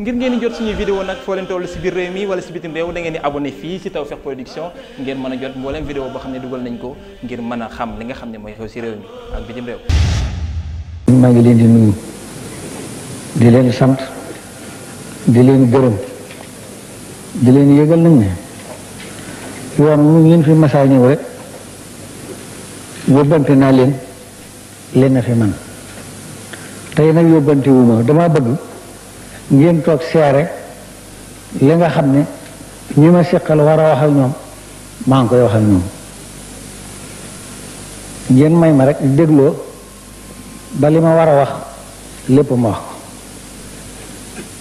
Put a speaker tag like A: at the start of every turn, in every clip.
A: ngir ngeen di jot suñuy vidéo nag foo leen toll si biir réew mi wala si bitim réew da ngeen di abonné fii si Tawfekh Production ngeen mën a jot mbooleem vidéo boo xam ne dugal nañ ko ngir mën a xam li nga xam ne mooy xew si réew mi ak
B: ngi leen di nuyu di leen sant di leen gërëm leen fi masaa ñëw rek yóbbante naa leen leen na fi man tey nag yóbbante wu bëgg ngeen toog seere li nga xam ne ñu ma seqal war a wax ñoom maa ngi koy wax ak ñoom ngeen may ma rek dégloo ba li ma war a wax lépp ma wax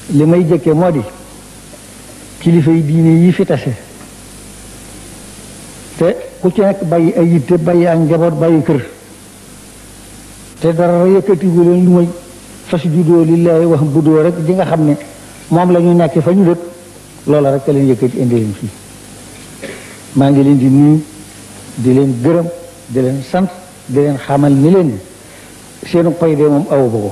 B: li may jëkke moo di kilifa yi diine yi fi tase te ku ci nekk bàyyi ay yitte bàyyi ak njaboot bàyyi kër te dara yëkkatiwu leen lu may fasjudu lillahi wahbudu rek di nga xam ne moom la ñu nekk fa ñu dëkk loola rek a leen yëkkati indi leen fii maa ngi leen di nuyu di leen gërëm di leen sant di leen xamal ni leen ni seenu pay de moom awu ba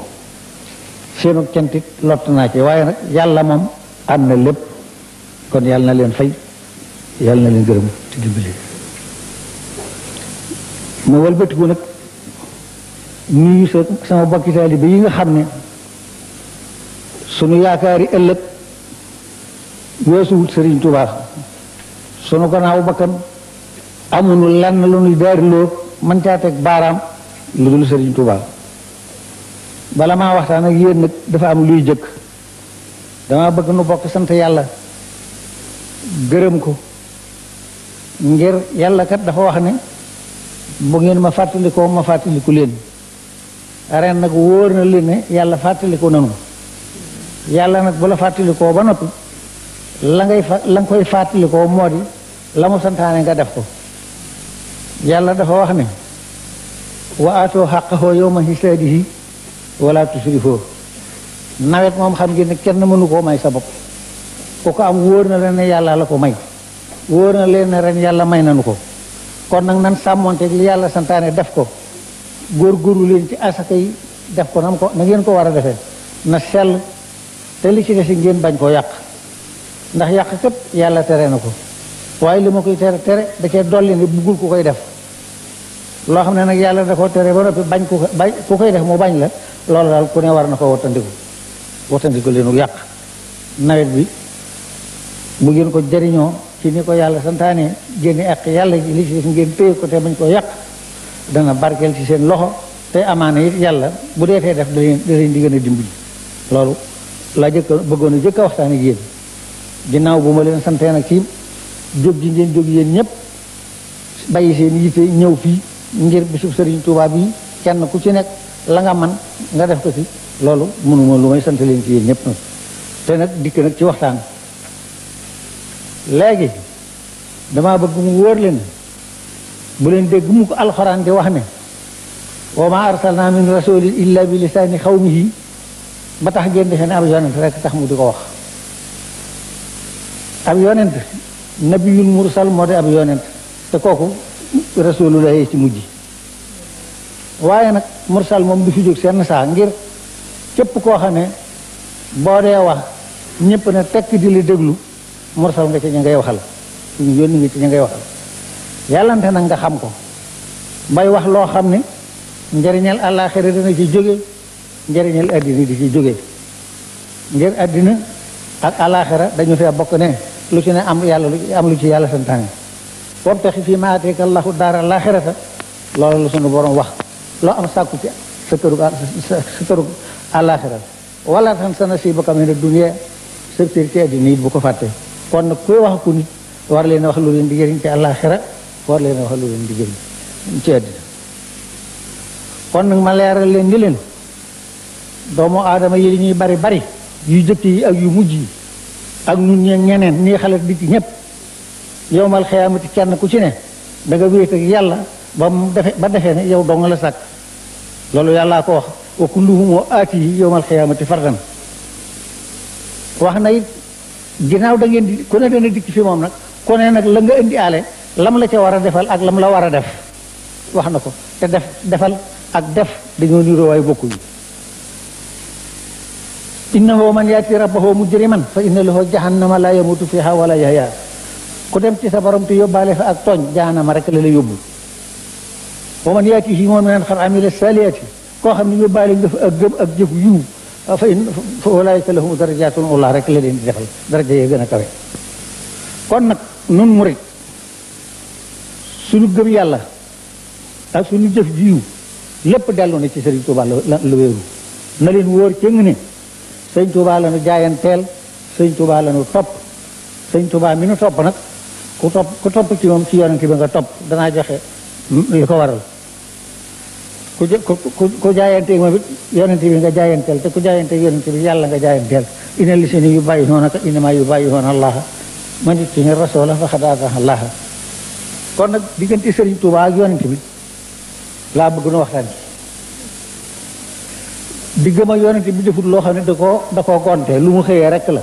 B: seenu cantit lott naa ci waaye yàlla moom am na lépp kon yàlla na leen fay yàlla na leen gërëm ci dimbali ma nuyu sa sama bokki taalibe yi nga xam ne sunu yaakaari ëllëg weesu Sëriñ Tuubaa sunu gannaaw bakkan amuñu lenn lu ñuy daariloo mën caa teg baaraam lu dul Sëriñ Tuubaa bala maa waxtaan ak yéen dafa am luy jëkk dama bëgg nu bokk sant yàlla gërëm ko ngir yàlla kat dafa wax ne bu ngeen ma fàttalikoo ma fàttaliku leen ren nag wóor na leen ne yàlla fàttaliku nanu yàlla nag bu la fàttalikoo ba noppi la ngay fa la nga koy fàttalikoo moo di la mu santaane nga def ko yàlla dafa wax ne wa aatoo xaqahoo yawma hisaadihi wala tusrifoo nawet moom xam ngeen ne kenn mënu koo may sa bopp ku ko am wóor na leen ne yàlla la ko may wóor na leen ne ren yàlla may nanu ko kon nag nan sàmmonteeg li yàlla santaane def ko góor góorgóorlu leen ci asaka yi def ko nam ko na ngeen ko war a defe na sell te li ci ngeen bañ koo yàq ndax yàq kat yàlla tere na ko waaye li ma koy tere tere da cee dolli ne buggul ku koy def loo xam ne nag yàlla da koo tere ba noppi bañ ku bañ ku koy def mu bañ la loolu daal ku ne war na ko wattandiku wattandiku leenu yàq nawet bi mu ngeen ko jariñoo ci ni ko yàlla santaane génne ak yàlla ji li ci des ngeen téye ko te bañ koo yàq dana barkeel ci seen loxo te amaana it yàlla bu deetee def da leen di gën a dimbali loolu laa jëkk bëggoon a jëkk waxtaan ak yéen ginnaaw bu ma leen santee nag ci jóg gi ngeen jóg yéen ñëpp bàyyi seen yitte ñëw fii ngir bisub sëriñ Tuubaa bi kenn ku ci nekk la nga man nga def ko ci loolu mënuma lu may sant leen ci yéen ñëpp nag te nag dikk nag ci waxtaan léegi damaa bëgg mu wóor leen bu leen dégg mu ko alxuraan di wax ne wa ma arsalna min rasulin illa bi lisaani xawmihi ba tax ngeen defe ne ab yonent rek tax mu di ko wax ab yonent nabiyul mursal moo di ab te kooku rasulullahi ci mujj waaye nag mursal moom du fi jóg seen saa ngir képp koo xam ne boo dee wax ñëpp ne tekk di li déglu mursal nga ci ña ngay waxal suñu yónni nga ci ña ngay waxal yàllante nag nga xam ko mbay wax loo xam ne njëriñal àllaaxira dina ci jóge njëriñal àddina di ci jóge ngir àddina ak àllaaxira dañu fee bokk ne lu ci ne am yàlla lu am lu ci yàlla santaane wabtaxi fii maa aataaka allaahu daara laaxirata loolu la suñu borom wax loo am sàkku ci sa kërug sa kërug àllaaxira wala tan sa nasiibaka mina dunya secteur ci àddina it bu ko fàtte kon nag kuy wax ku nit war leen wax lu leen di jëriñ ci àllaaxira war leen a wax lu leen di jëriñ ci àddina kon nag ma leeral leen ni leen doomu aadama yi ñuy bari bari yu jëkk yi ak yu mujj yi ak ñun ñee ñeneen ñii xalaat bi ci ñëpp yowmal xiyaamati kenn ku ci ne danga nga wéet ak yàlla ba mu defe ba defee ne yow dong la sàkk loolu yàllaa ko wax wa kulluhum wa aati yi yowmal xiyaamati fardan wax na it ginnaaw da ngeen di ku ne dana dikk fi moom nag ku ne nag la nga indi aale lam la ca war a defal ak lam la war a def wax na ko te def defal ak def dañoo niroo waaye bokkuñu innahu man yaati rabbahu mujriman fa inna lahu jahannama la yamutu fiha wala yahya ku dem ci sa borom te yóbbaale ak tooñ jahannama ma la la yóbbu wa man yaati si moom naan xar amila saliati koo xam ne yóbbaale nga fa ak gëm ak jëf yiw fa in fa walaayika lahum darajatun ula rek la leen di defal daraja yee gën a kawe kon nun murit suñu gëm yàlla ak suñu jëf jiw lépp dellu na ci Sëriñ Tuuba la lu wéeru na leen wóor cëng ne Sëriñ Tuuba la nu jaayanteel sëñ Tuuba la nu topp Sëriñ Tuuba mi nu topp nag ku topp ku topp ci moom ci yonent bi nga topp danaa joxe li ko waral ku ku jaayante moom it yonent bi nga jaayanteel te ku jaayante yonent bi yàlla nga jaayanteel ina lisini yu bàyyi noonaka inama yu bàyyi noon allaha man it ci ni rasoola faxadaataha allaha kon nag diggante sëriñ Touba ak yonent bi laa bëgg nu waxtaan ci diggam ak yonent bi defut loo xam ne da koo da koo gonte lu mu xëyee rekk la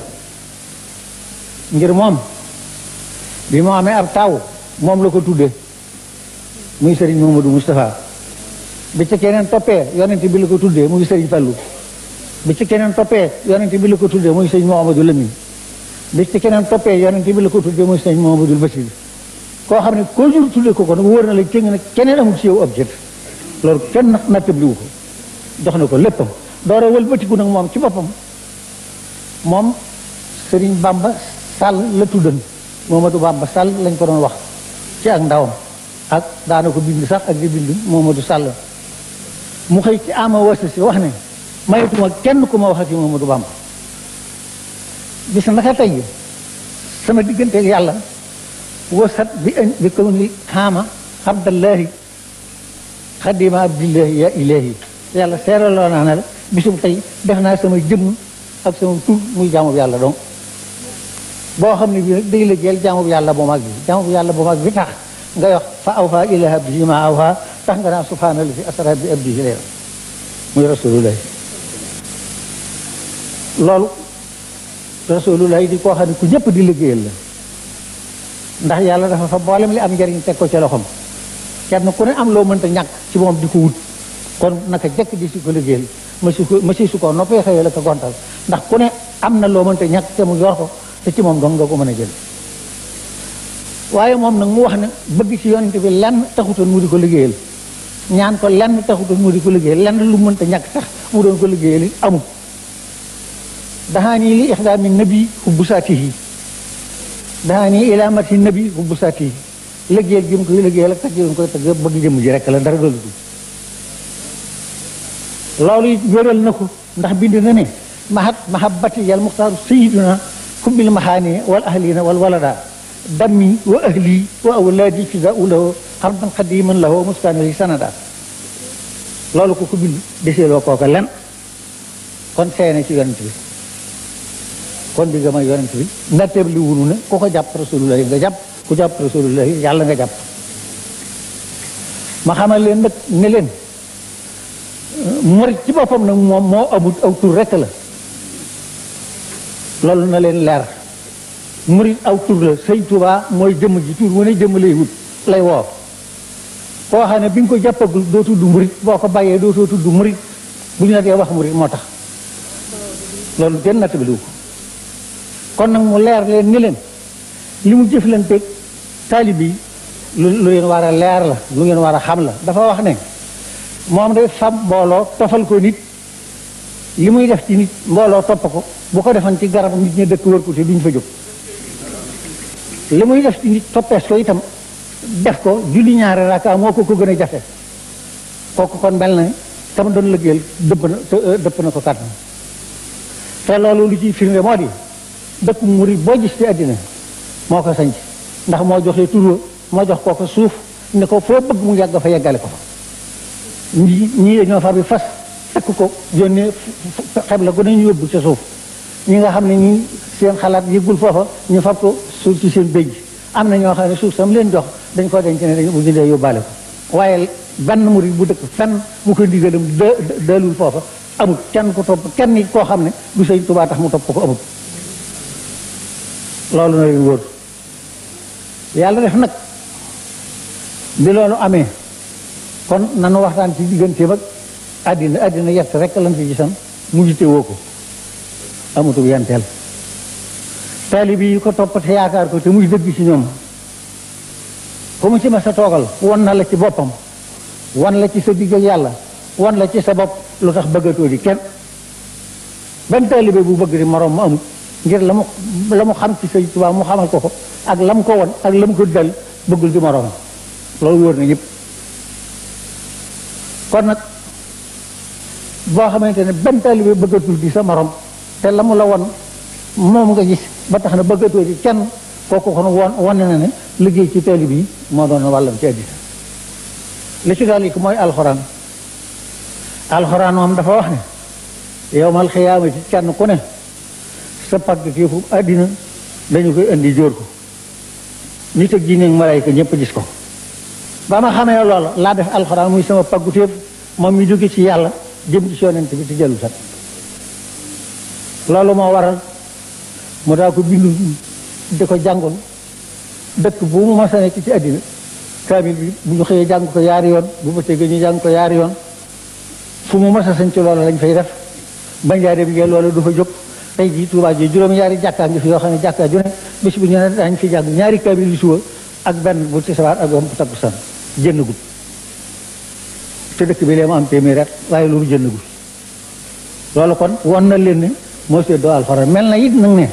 B: ngir moom bi mu amee ab taw moom la ko tudde muy Serigne Mouhamadou Moustapha bi ci keneen toppee yonent bi la ko tuddee muy Serigne Fallou bi ci keneen toppee yonent bi la ko tuddee muy Serigne Mouhamadou Lamine bi ci keneen toppee yonent bi la ko tuddee muy Serigne Mouhamadou Bassirou koo xam ne koo jur tudde ko ko nag wóor na la cëng nag keneen amul ci yow objet loolu kenn nattabliwu ko jox na ko léppam doora wëlbatiku nag moom ci boppam moom Sëriñ Bamba Sall la tuddan Momadou Bamba lañ ko doon wax ci ak ndawam ak daana ko sax ak di bind Momadou Sall mu xëy ci ama wasa si wax ne mayetuma kenn ku ma wax ak yi Momadou Bamba bis naka tey sama digganteeg yàlla وسط بكون حامة عبد الله xaddima abdillahi yaa ilahi yàlla seeraloo naa ne la bisum tey def naa sama jëmm ak sama tur muy jaamub yàlla donc boo xam ne bii nag la jël jaamub yàlla bu mag bi jaamub yàlla bu mag bi tax nga wax fa awfa ila abdihi ma awha tax nga naan subhaanalla fi asra bi abdihi leer muy rasulullahi loolu rasulullahi di koo xam ne ku ñëpp di liggéeyal la ndax yàlla dafa fa mboolem li am njariñ teg ko ci loxoom kenn ku ne am loo mënta ñàkk ci moom di ko wut kon naka jëkk di si ko liggéeyal ma si ko ma si su ko noppee xëyee la ko gontal ndax ku ne am na loo mënta ñàkk te mu ko ci moom dong nga ko mën a jël moom nag mu wax ne bëgg ci yonente bi lenn taxutoon mu di ko liggéeyal ñaan ko lenn taxutoon mu di ko liggéeyal lenn lu mënta ñàkk sax mu doon ko liggéeyal amul daxaa nii li ixdaami nabi hubbu saatihi daani ilaa mati nabi hubbu saati liggéeyal gi mu koy liggéeyal gi mu koy tagg ji rek la dara doolu loolu it na ko ndax bi na ne mahat mahabbati yal muxtaaru sayiduna kubbil maxaani wal ahlina wal walada dammi wa ahli wa awlaadi fida ulahu xarban xadiman lahu muskaani li sanada loolu ko ko bind deseeloo kooka len kon seene ci yonent kon bi jamono yonent bi natteeb li wunu ne ku ko jàpp rasulullahi nga jàpp ku jàpp rasulullahi yàlla nga jàpp ma xamal leen nag ne leen murit ci boppam nag moom moo amut aw tur rekk la loolu na leen leer murit aw tur la sëñ Tuubaa mooy jëmm ji tur wane jëmm lay wut lay woo koo xam ne bi nga ko jàppagul doo tudd murit boo ko bàyyee doo tudd murit bu ñu la dee wax murit moo tax loolu kenn nattabiliwu ko kon nag mu leer leen ni leen li mu jëflanteeg taalib yi lu lu leen war a leer la lu ngeen war a xam la dafa wax ne moom de fab mbooloo tofal ko nit li muy def ci nit mbooloo topp ko bu ko defoon ci garab nit ñi dëkk wër ko te duñ fa jóg li muy def ci nit toppees ko itam def ko julli ñaari raka moo ko ko gën a jafe kooku kon mel na tam doon lëggeel dëpp na dëpp na ko kàttan te loolu lu ciy firnde moo di dëkk murid boo gis ci àddina moo ko sanc ndax moo joxee tur moo jox kooku suuf ne ko foo bëgg mu yàgg fa yeggale ko fa ñi ñii dañoo far bi fas takk ko yónnee xeb la ko nañu yóbbu ca suuf ñi nga xam ne ñi seen xalaat yëggul foofa ñu far ko suuf ci seen bëj am na ñoo xam ne suuf sam leen jox dañ ko denc ne dañ bu jëndee yóbbaale ko waaye benn murid bu dëkk fenn bu ko ndigalam dëlul foofa amul kenn ko topp kenn koo xam ne du sëñ Tuubaa tax mu topp ko ko amul loolu na leen wóor yàlla def nag bi loolu amee kon nanu waxtaan ci digganteem ak àddina àddina yett rek lan ci gisan mu jite woo ko amutub yenteel taalibi yi ko topp te yaakaar ko te muy dëgg ci ñoom ko mu ci ma sa toogal won na la ci boppam wan la ci sa digg yàlla wan la ci sa bopp lu tax bëggatoo di kenn ban taalibe bu bëgg di moroom ma amut ngir la mu la mu xam ci sëñ Tuubaa mu xamal ko ko ak la mu ko won ak la mu ko dal bëggul ci moroom loolu wóor na ñëpp kon nag boo xamante ne benn taalibe bëggatul di sa morom te la mu la won moom nga gis ba tax na bëggatoo ci kenn kooku kon won wane na ne liggéey ci taalibe yi moo doon wàllam li ci daal mooy alxuraan alxuraan dafa wax ne yowmal xiyaama ci ku ne sa pàgg yëfu àddina dañu koy indi jóor ko nit ak jinne ak malaayka ñëpp gis ko ba ma xamee loolu laa def alxuraan muy sama paggutéef moom mu jóge ci yàlla jëm ci yonent bi te jëlu sat loolu moo waral mu daa ko bindu di ko jàngul dëkk bu mu mas a nekk ci àddina kaamil bi bu ñu xëyee jàng ko yaar yoon bu ba tege ñu jàng ko yaar yoon fu mu mas a sañ ci loolu lañ fay def banjaare bi ngeen loolu du fa jóg tey jii Touba ji juróom-ñaari jàkkaa ngi fi yoo xam ne jàkkaa ju ne bés bu ñu ne fi fi jàng ñaari kaamil yu suba ak benn bu tisbaar ak bu takkusaan jëndagul te dëkk bi lee mu am téeméer rek waaye loolu jëndagul loolu kon won na leen ne moo séddoo alxuraan mel na it nag ne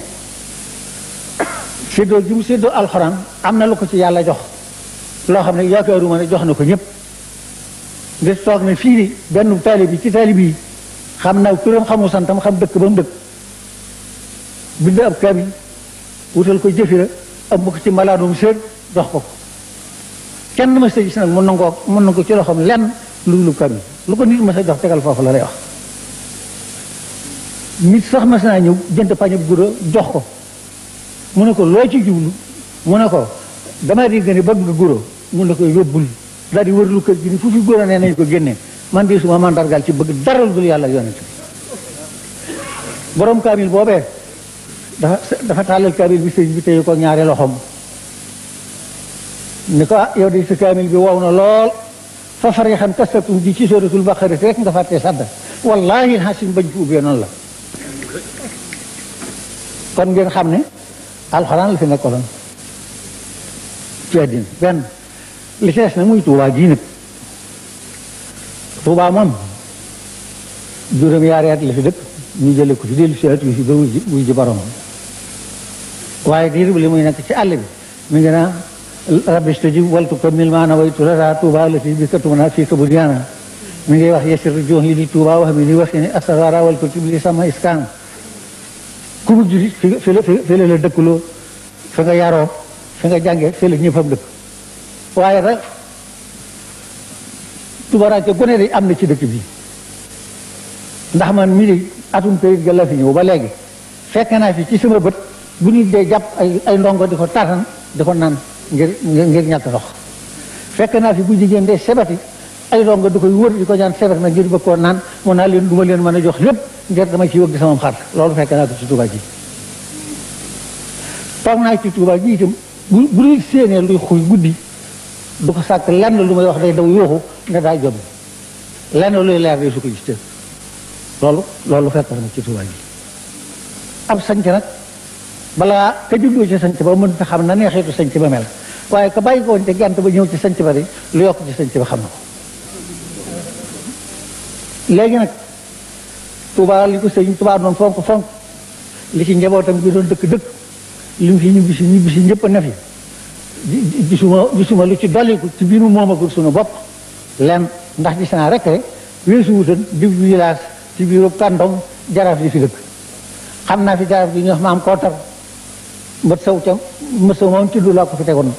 B: séddoo ji mu séddoo alxuraan am na lu ko ci yàlla jox loo xam ne yaakaaruma ne jox na ko ñëpp ngir toog ne fii benn taalib bi ci taalib yi xam na turam xamu santam xam dëkk ba mu bind ab kaamil wutal ko jëfira am ko ci malaanum séer jox ko kenn ma sa gis mën na ko mën na ko ci loxoom lenn lu lu kaamil lu ko nit ma sa jox tegal foofu la lay wax nit sax mas naa ñëw jënd pañab gura jox ko mu ne ko looy ci jublu mu ne ko damaa di gën a bëgg nga guro mu ne ko yóbbul daal di wër lu kër gi ni fu fi guro nee nañ ko génnee man di suma mandargal ci bëgg daral dul yàlla yonent borom kaamil boobee dafa dafa tàllal kaamil bi sëñ bi téye ko ñaari loxoom ni ko ah yow de si kaamil bi wow na lool fa farixan kastatum ji ci suratul baqara rek nga fàttee sadda wallahi xasim bañ ko ubbee noonu la kon ngeen xam ne alxuraan la fi nekkoon ci àddina benn li ci des na muy tuubaa gii nag tuubaa moom juróom-yaari at la fi dëkk ñu jële ko fi dellu si at wi fi ba wuy ji waaye diir bi li muy nekk ci àll bi mi ji waltu ko mil maana waytu lata tuuba la fii bi ka tuuna fii ka budyaana mi ngi wax yesiru jox yi di tuuba wax mi ni wax ni asawara waltu tibli sama iskaan ku mu juri fi la fi la la nga yaroo fi nga jàngee fi la ñëppam dëkk waaye nag tubaranke gone day am na ci dëkk bi ndax man mi di atum kayit ga fi ñëw ba léegi fekk naa fi ci sama bët bu nit dee jàpp ay ay ndongo di ko taatan di ko naan ngir ngir ñàkk ndox fekk naa fi bu jigéen dee sebati ay ndongo di koy wër di ko ñaan sebat na ngir bëgg koo naan mun naa leen du ma leen mën a jox lépp ngir dama ciy wëgg sama xar loolu fekk naa ko ci Tuuba ji toog naa ci Tuuba guddi du ko sàkk lenn lu may wax day daw yooxu ne daa jom lenn luy leer day su ko gis loolu loolu fekk na ci Tuuba ji ab sañc nag balaa ka juddoo ci sëñ ba mënut a xam na nee xeetu sëñ ba mel waaye ka bàyyi koo woon ca gent ba ñëw ci sëñ ba di lu yokk ci sëñ ba xam na ko léegi ko sëñ Touba noonu fonk ci njabootam gi doon dëkk dëkk li mu fi ñibbi si si ñëpp a ne fi gisuma gisuma ci dolliku ci biiru moomagul suñu bopp lenn ndax gis naa rek weesu wutan di village yi fi dëkk xam naa fi jaraaf yi ñu kootar mbët sow ca mbët sow moom tudd laa ko fi tegoon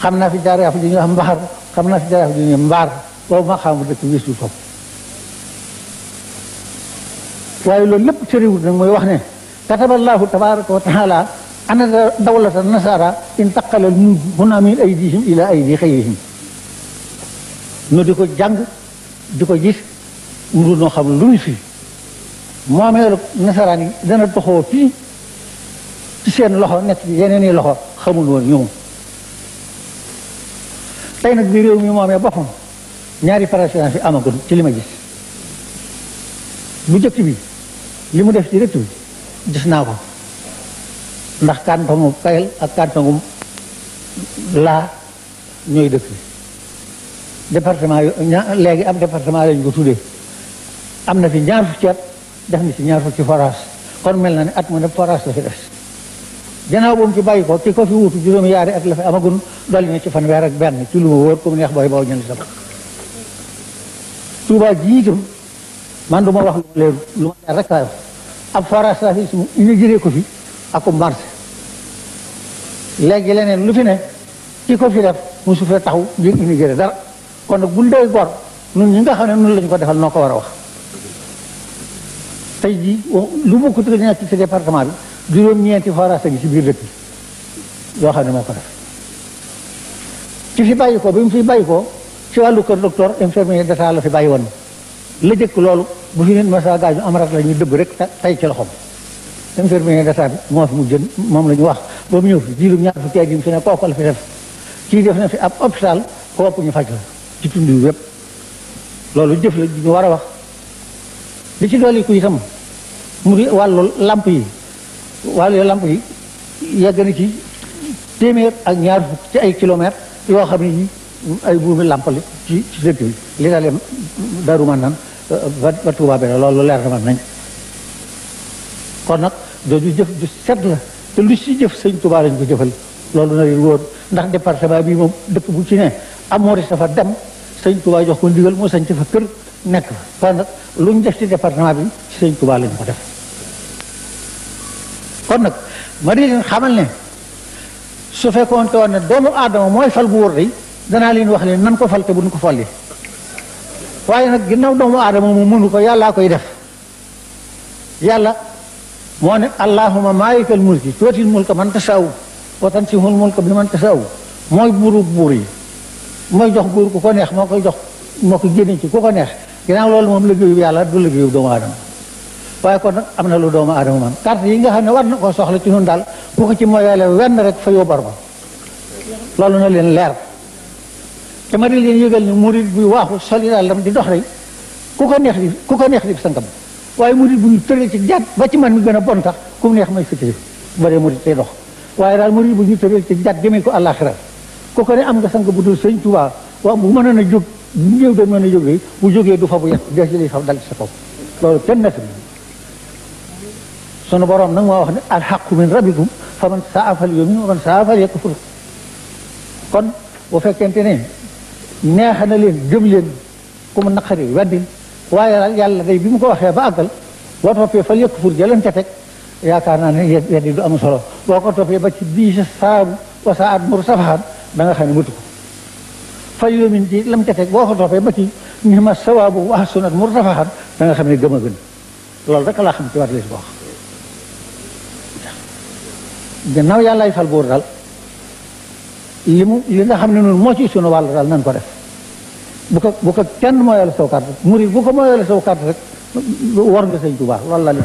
B: xam naa fi jaaree af ji mbaar xam naa fi jaaree af ji mbaar boobu ma xam dëkk bi su sopp waaye loolu lépp sëriwut nag mooy wax ne kataballahu tabaraka wa taala ana dawlata nasara intaqalal huna min aydihim ila aydi xayrihim nu di ko jàng di ko gis mu noo xam lu ñu fi moomeelu nasaraan yi dana toxoo fii ci seen loxo nekk ci yeneen i loxo xamul woon ñoom tey nag bi réew mi moomee boppam ñaari présidence yi amagul ci li ma gis bu jëkk bi li mu def ci dëkk bi gis naa ko ndax kàntongu kayel ak kàntongu laa ñooy dëkk bi département yu léegi am département lañu ko tuddee am na fi ñaar fukki at def na ci ñaar ci forage kon mel na ne at mu ne forage la fi def gannaaw boobu fi bàyyi ko ki ko fi wuutu juróomi yaari at la fi amagun dolli na ci fanweer ak benn ci lu ma wóor ku mu neex booy boo ñëw sama Tuubaa ji itam man du ma wax lu ma lu ma leer rek laay wax ab forage trafic su ñu jëlee ko fi ak um marché léegi leneen lu fi ne ki ko fi def mosu fee taxaw ngir immigré dara kon nag buñ dee gor ñun ñi nga xam ne noonu la ko defal noo ko war a wax tey jii lu mu ko tudd nekk ci département bi. juróom-ñeenti forage gi ci biir bi yoo xam ne moo ko def ci fi bàyyi ko bi mu fi bàyyi ko ci wàllu kër docteur infirmier d'état la fi bàyyi woon la jëkk loolu bu fi neen masa gaañu am rat la dëbb rek tay ci loxom infirmier d'état bi moo fi mu jën moom la ñu wax ba mu ñëw fi jiilum ñaar fukki at fi ne kooku la fi def kii def na fi ab hôpital kooku ñu faj la ci tund yu yépp loolu jëf la ñu war a wax li ci dolli ku itam mu di wàllu làmp yi wàllu lamp yi yegg na ci téeméer ak ñaar fukk ci ay kilomètres yoo xam ne yi ay buumi lamp la ci ci dëkk bi li dalee Daaru Manaan ba ba Tuubaa bi loolu leer na man nañ kon nag jooju jëf ju set la te lu ci jëf sëñ Tuubaa lañ ko jëfal loolu na wóor ndax département bi moom dëkk bu ci ne amooris dafa dem sëñ Tuubaa jox ko ndigal moo sañ ci fa kër nekk fa kon nag lu ñu def ci département bi sëñ Tuubaa lañ ko def kon nag ma di leen xamal ne su fekkoon te woon ne doomu aadama mooy fal gu wóor di danaa leen wax leen nan ko fal te buñ ko folli waaye nag ginnaaw doomu aadama mu mënu ko yàllaa koy def yàlla moo ne allahuma maalikal mulki tuutil mulka man tasaaw wa tansihul mulka bi man tasaaw mooy buuru buur yi mooy jox buur ku ko neex moo koy jox moo ko génne ci ku ko neex ginnaaw loolu moom liggéeyu yàlla du liggéeyu doomu aadama waaye kon nag am na lu doomu aadama man carte yi nga xam ne war na koo soxla ci ñun daal ku ko ci moyaale wenn rek fa yóbbar ba loolu na leen leer dama ma leen yëgal ni murid buy waaxu soli daalam di dox rek ku ko neex di ku ko neex di sangam waaye murid bu ñu tëral ba ci man mi gën a bon neex may fikkiri ba dee murid dox waaye daal murid bu ñu tëral ci jat ko àllaaxira ku ko ne am nga sang bu dul sëñ Tuubaa waaw bu mënoon a jóg ñëw doon mën a jóge bu jógee du fa bu yàq des li fa dal ci sa kaw loolu kenn na fi sunu borom nag moo wax ne alxaqu min rabbikum fa man saa fal yumin wa man saa fal yakfur kon bu fekkente ne neex na leen gëm leen ku mu naqari weddil waaye yàlla day bi mu ko waxee ba àggal boo toppee fal yakfur jëleen ca teg yaakaar naa ne weddi du am solo boo ko toppee ba ci bii sa saabu wa saa at mur safaxan da nga xam ne mutu ko fal yumin ji lam ca teg boo ko toppee ba ci ni ma sawaabu wa sunat mur safaxan da nga xam ne gëm a gën loolu rek laa xam ci war lees ko wax gannaaw yàllaay fal buur daal li mu li nga xam ne noonu moo ci sunu wàll daal nan ko def bu ko bu ko kenn mooyal saw mu murid bu ko mooyal saw carte rek war nga sëñ Tuubaa loolu la li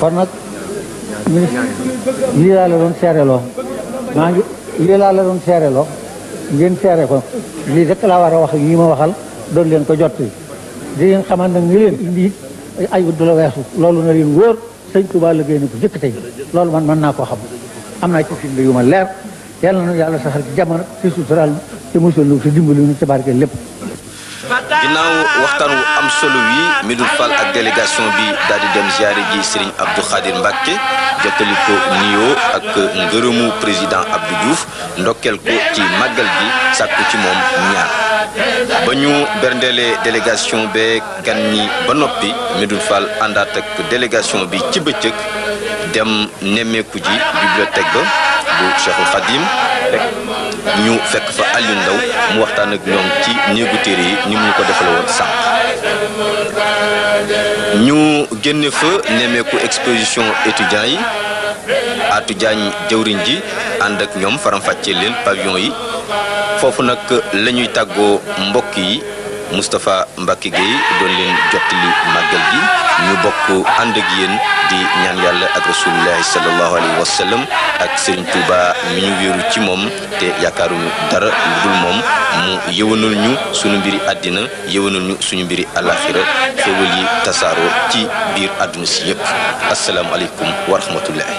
B: kon nag lii laa la doon seereloo maa ngi lii laa la doon seereloo ngeen seere ko lii rek laa war a wax ak ñi ma waxal doon leen ko jot di leen xamal nag ni leen indi ayu du la loolu na leen wóor sëñ Tuubaa liggéey na ko jëkk tey loolu man man naa koo xam am naa ci firnde yu ma leer yàlla na yàlla saxal ci jamono ci suturaal te musal nu te dimbali nu ci barke lépp
A: ginnaaw waxtaan wu am solo wi Medoune fal ak délégation bi daal di dem ziare ji Serigne Abdou Khadir Mbacke jottali ko ak ngërëmu président Abdou Diouf ndokkeel ko ci màggal bi sàkku ci moom ñaar ba ñu berndelee délégation bee gan ñi ba noppi Medoune fal àndaat ak délégation bi ci bëccëg dem nemmeeku ji bibliothèque ba bu Cheikhul Khadim ñu fekk fa Aliou ndaw mu waxtaan ak ñoom ci néegu téere yi ni mu ñu ko defal woon sànq ñu génne fa nemmeeku exposition étudiants yi atu Diagne jëwriñ ji ànd ak ñoom faram leen pavillon yi foofu nag la ñuy tàggoo mbokk yi Moustapha mbaki Gueye doon leen jottali màggal bokk ànd ak yéen di ñaan yàlla ak rasulullahi sallallahu alayhi ak Serigne Touba mi ñu wéeru ci moom te yaakaaruñu dara lu moom mu yëwanal ñu suñu mbiri àddina yëwanal ñu suñu mbir alaxira xéwal yi tasaaroo ci biir àdduna si yëpp asalaamaaleykum wa rahmatullahi